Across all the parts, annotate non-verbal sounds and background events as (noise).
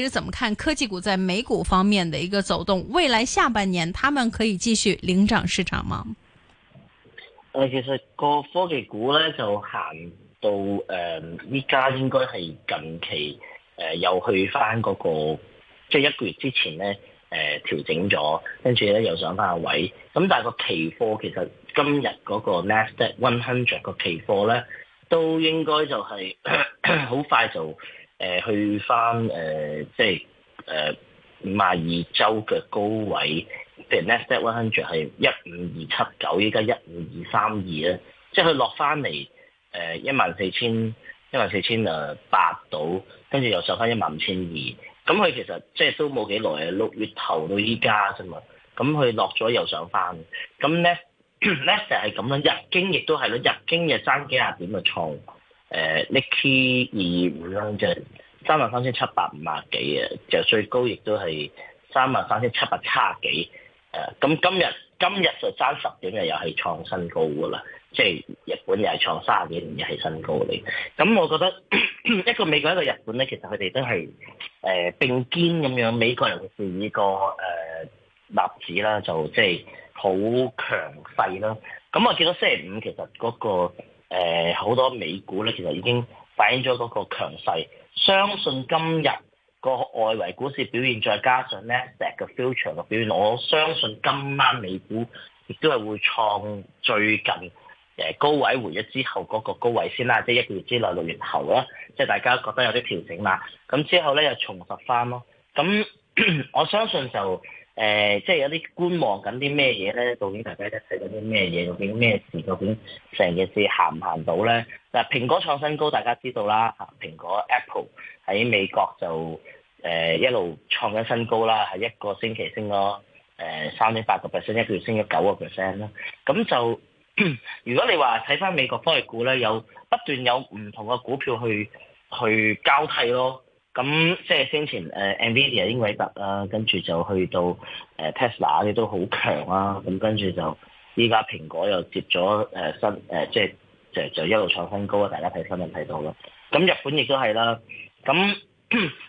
其實怎麼看科技股在美股方面的一個走動？未來下半年他們可以繼續領漲市場嗎？誒、呃，其實個科技股咧就行到誒，依、呃、家應該係近期誒、呃、又去翻嗰、那個，即、就、係、是、一個月之前咧誒、呃、調整咗，跟住咧又上翻下位。咁但係個期貨其實今日嗰個 Nasdaq One Hundred 個期貨咧都應該就係、是、好快就。誒、呃、去翻誒、呃，即係誒馬爾周嘅高位 next 15279, 15232, 即 The Nasdaq One Hundred 係一五二七九，依家一五二三二即係佢落翻嚟誒一萬四千一萬四千啊八到，跟住又上翻一萬五千二，咁佢其實即係都冇幾耐啊，六月頭到依家啫嘛，咁佢落咗又上翻，咁咧 Nasdaq 係咁樣，日經亦都係啦，日經嘅爭幾廿點嘅創。誒日經二二五啦，就三萬三千七百五啊幾啊，就最高亦都係三萬三千七百七啊幾誒，咁、uh, 今日今日就爭十點嘅又係創新高噶啦，即、就、係、是、日本又係創卅幾年又係新高嚟。咁我覺得一個美國一個日本咧，其實佢哋都係誒、呃、並肩咁樣，美國人其是以、這個誒納指啦，就即係好強勢啦。咁我見到星期五其實嗰、那個。誒、呃、好多美股咧，其實已經反映咗嗰個強勢。相信今日個外圍股市表現，再加上咧石油 future 嘅表現，我相信今晚美股亦都係會創最近、呃、高位回咗之後嗰個高位先啦，即係一個月之內六月後啦，即係大家覺得有啲調整啦，咁之後咧又重拾翻咯。咁 (coughs) 我相信就。誒、呃，即係有啲觀望緊啲咩嘢咧？究竟大家一睇嗰啲咩嘢？究竟咩事？究竟成件事行唔行到咧？嗱，蘋果創新高，大家知道啦。蘋果 Apple 喺美國就誒、呃、一路創緊新高啦，係一個星期升咗誒三點八個 percent，一個月升咗九個 percent 啦。咁就如果你話睇翻美國科技股咧，有不斷有唔同嘅股票去去交替咯。咁即係先前誒、呃、Nvidia 英偉達啦、啊，跟住就去到誒、呃、Tesla 啲都好強啦，咁跟住就依家蘋果又跌咗誒新、呃、即係就就一路創新高啊！大家睇新聞睇到啦。咁日本亦都係啦，咁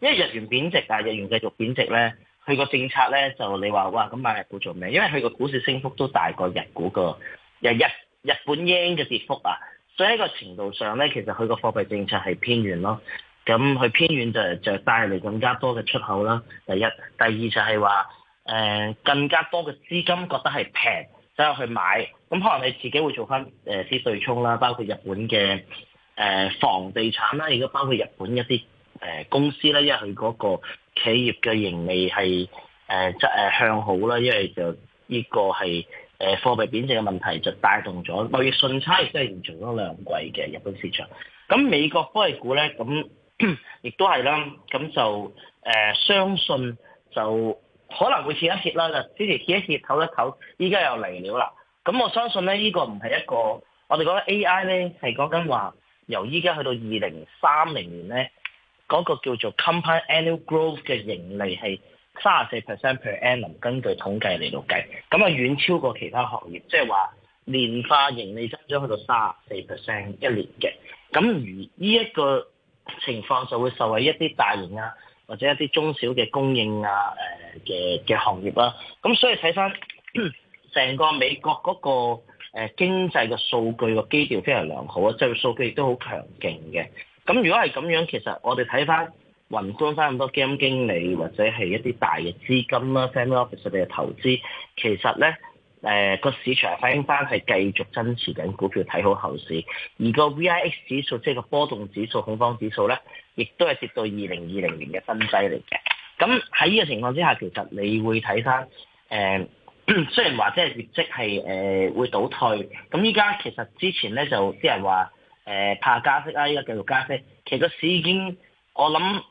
因為日元貶值啊，日元繼續貶值咧，佢個政策咧就你話哇咁買日股做咩？因為佢個股市升幅都大過日股個日日日本 yen 嘅跌幅啊，所以喺個程度上咧，其實佢個貨幣政策係偏軟咯。咁佢偏遠就就帶嚟更加多嘅出口啦。第一，第二就係話誒更加多嘅資金覺得係平，走去買。咁可能你自己會做翻誒啲對沖啦，包括日本嘅誒、呃、房地產啦，亦都包括日本一啲誒、呃、公司啦。因為佢嗰個企業嘅盈利係誒、呃、即係向好啦。因為就呢個係誒、呃、貨幣貶值嘅問題，就帶動咗貿易順差亦都係延續咗兩季嘅日本市場。咁美國科技股咧咁。亦 (coughs) 都係啦，咁就誒、呃、相信就可能會跌一跌啦，就之前跌一跌唞一唞，依家又嚟了啦。咁我相信咧，呢、這個唔係一個，我哋講 A.I. 咧係講緊話，說說由依家去到二零三零年咧，嗰、那個叫做 Compound Annual Growth 嘅盈利係三十四 percent per annum，根據統計嚟到計，咁啊遠超過其他行業，即係話年化盈利增長去到三十四 percent 一年嘅。咁而呢一個情況就會受惠一啲大型啊，或者一啲中小嘅供應啊，誒嘅嘅行業啦。咁所以睇翻成個美國嗰個誒經濟嘅數據個基調非常良好啊，即係數據亦都好強勁嘅。咁如果係咁樣，其實我哋睇翻宏觀翻咁多基金經理或者係一啲大嘅資金啦，family office 嘅投資，其實咧。誒個市場反應翻係繼續增持緊股票，睇好後市。而個 VIX 指數，即係個波動指數、恐慌指數咧，亦都係跌到二零二零年嘅新低嚟嘅。咁喺呢個情況之下，其實你會睇翻誒，雖然話即係業績係誒會倒退。咁依家其實之前咧就啲人話誒、呃、怕加息啊，依家繼續加息。其實個市已經我諗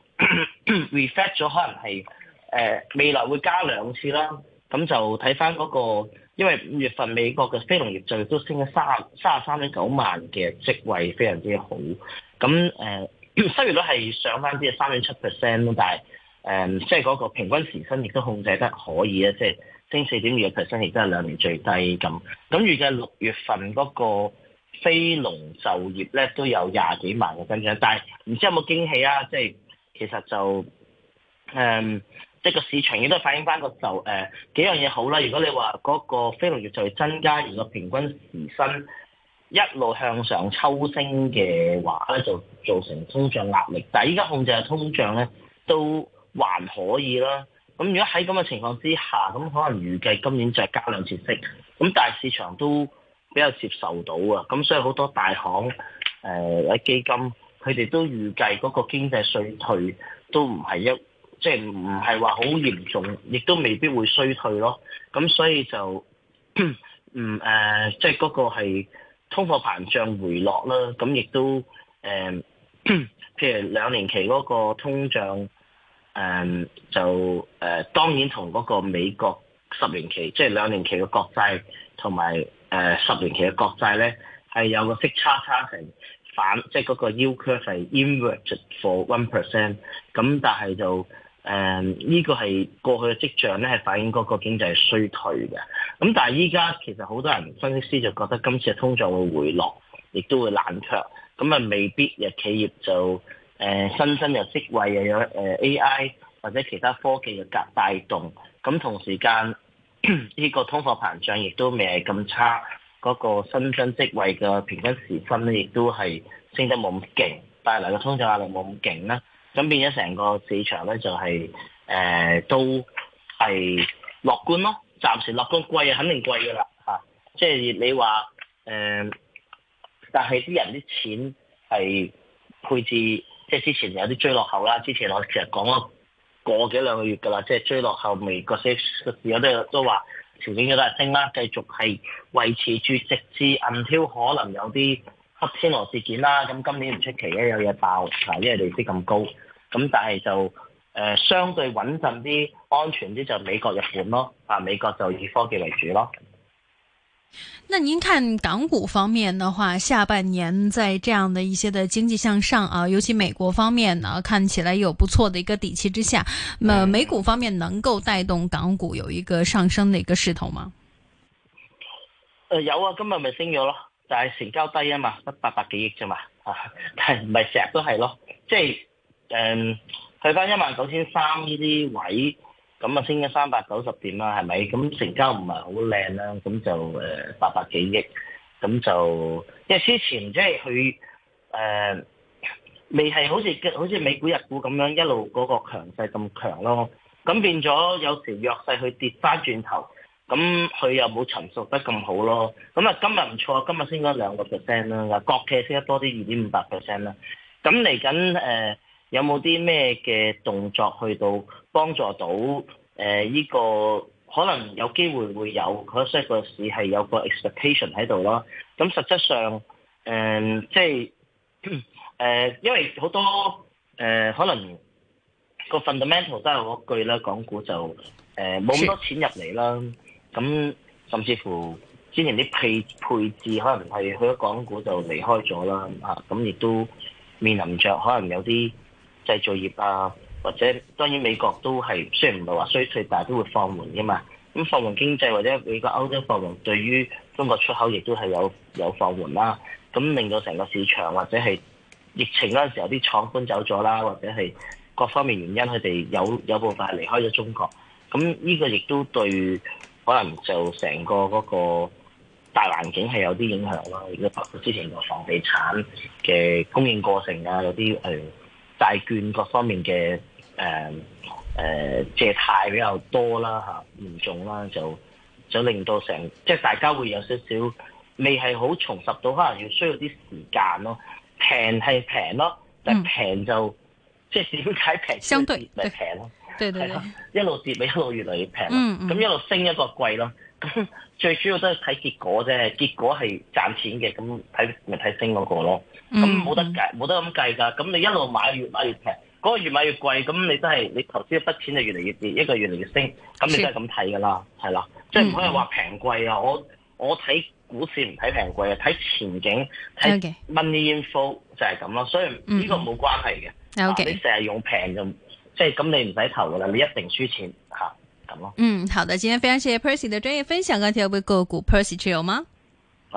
reflect 咗， (coughs) 可能係誒、呃、未來會加兩次啦。咁就睇翻嗰個。因為五月份美國嘅非農業就業都升咗三啊三啊三十三點九萬嘅職位，非常之好。咁誒失業率係上翻啲啊，三點七 percent，但係誒即係嗰個平均時薪亦都控制得可以啊，即係升四點二 percent，亦都係兩年最低咁。咁預計六月份嗰個非農就業咧都有廿幾萬嘅增長，但係唔知有冇驚喜啊？即係其實就誒。呃即、這、係個市場亦都反映翻個就誒、呃、幾樣嘢好啦。如果你話嗰個非農業就係增加，如果平均時薪一路向上抽升嘅話咧，就造成通脹壓力。但係依家控制緊通脹咧都還可以啦。咁如果喺咁嘅情況之下，咁可能預計今年就係加兩次息，咁大市場都比較接受到啊。咁所以好多大行誒或者基金，佢哋都預計嗰個經濟衰退都唔係一。即係唔係話好嚴重，亦都未必會衰退咯。咁所以就唔誒，即係嗰個係通貨膨脹回落啦。咁亦都誒、呃，譬如兩年期嗰個通脹誒、呃、就誒、呃，當然同嗰個美國十年期即係、就是、兩年期嘅國債同埋誒十年期嘅國債咧，係有個息差差成反，即係嗰個 yield curve 係 inverted for one percent。咁但係就誒、嗯、呢、這個係過去嘅跡象咧，係反映嗰個經濟係衰退嘅。咁、嗯、但係依家其實好多人分析師就覺得今次嘅通脹會回落，亦都會冷卻。咁啊未必有企業就誒、呃、新增嘅職位又有誒、呃、AI 或者其他科技嘅格帶動。咁同時間呢、這個通貨膨脹亦都未係咁差，嗰、那個新增職位嘅平均時薪咧亦都係升得冇咁勁，帶嚟嘅通脹壓力冇咁勁啦。咁變咗成個市場呢，就係、是呃，都係樂觀囉。暫時樂觀貴啊，肯定貴㗎啦吓，即係你話，但係啲人啲錢係配置，即、就、係、是、之前有啲追落後啦。之前我成日講過幾兩個月㗎啦，即、就、係、是、追落後未個些個時候都都話調整咗啦，升啦，繼續係維持住直至暗挑，可能有啲。黑天鵝事件啦，咁今年唔出奇咧，有嘢爆，啊，因為利息咁高，咁但係就誒、呃、相對穩陣啲、安全啲就美國、日本咯，啊，美國就以科技為主咯。那您看港股方面的話，下半年在這樣的一些的經濟向上啊，尤其美國方面呢、啊，看起來有不錯的一個底氣之下，咁、啊、美股方面能夠帶動港股有一個上升的一個勢頭嗎？誒、嗯呃，有啊，今日咪升咗咯。但係成交低啊嘛，得八百幾億啫嘛，但係唔係成日都係咯，即係誒、嗯、去翻一萬九千三呢啲位，咁啊升咗三百九十點啦，係咪？咁成交唔係好靚啦，咁就誒八百幾億，咁就因為之前即係佢誒未係好似好似美股日股咁樣一路嗰個強勢咁強咯，咁變咗有時弱勢佢跌翻轉頭。咁佢又冇陳叔得咁好咯。咁啊，今日唔錯，今日升咗兩個 percent 啦。國企升得多啲，二點五百 percent 啦。咁嚟緊誒，有冇啲咩嘅動作去到幫助到呢、呃呢個可能有機會會有，嗰一些個市係有個 expectation 喺度咯。咁實質上誒、呃，即係、呃、因為好多、呃、可能個 fundamental 都係嗰句啦，港股就冇咁、呃、多錢入嚟啦。咁甚至乎之前啲配配置，可能係去咗港股就離開咗啦。啊，咁亦都面臨着可能有啲製造業啊，或者當然美國都係雖然唔係話衰退，但係都會放緩嘅嘛。咁放緩經濟或者美國歐洲放緩對於中國出口亦都係有有放緩啦。咁令到成個市場或者係疫情嗰陣時候啲廠搬走咗啦，或者係各方面原因，佢哋有有部分係離開咗中國，咁呢個亦都對。可能就成個嗰個大環境係有啲影響啦，如果之前個房地產嘅供應過剩啊，有啲誒、呃、債券各方面嘅誒誒借貸比較多啦嚇，嚴重啦就就令到成即係大家會有少少未係好重拾到，可能要需要啲時間咯。平係平咯，但係平就、嗯、即係點解平相對咪平咯。係啦，一路跌咪一路越嚟越平，咁、嗯嗯、一路升一個貴咯。咁最主要都係睇結果啫，結果係賺錢嘅，咁睇咪睇升嗰個咯。咁、嗯、冇、嗯、得，得計，冇得咁計噶。咁你一路買越買越平，嗰、嗰個越買越貴，咁你都係你投資一筆錢就越嚟越跌，一個越嚟越升，咁你都係咁睇噶啦，係啦。即係唔可以話平貴啊！我我睇股市唔睇平貴啊，睇前景，睇 money info 就係咁咯。所以呢個冇關係嘅，嗯啊 okay. 你成日用平就。即係咁，你唔使投㗎喇，你一定輸錢吓，咁咯。嗯，好的，今天非常謝謝 Percy 的專業分享，跟住有冇個股 Percy 持有嗎？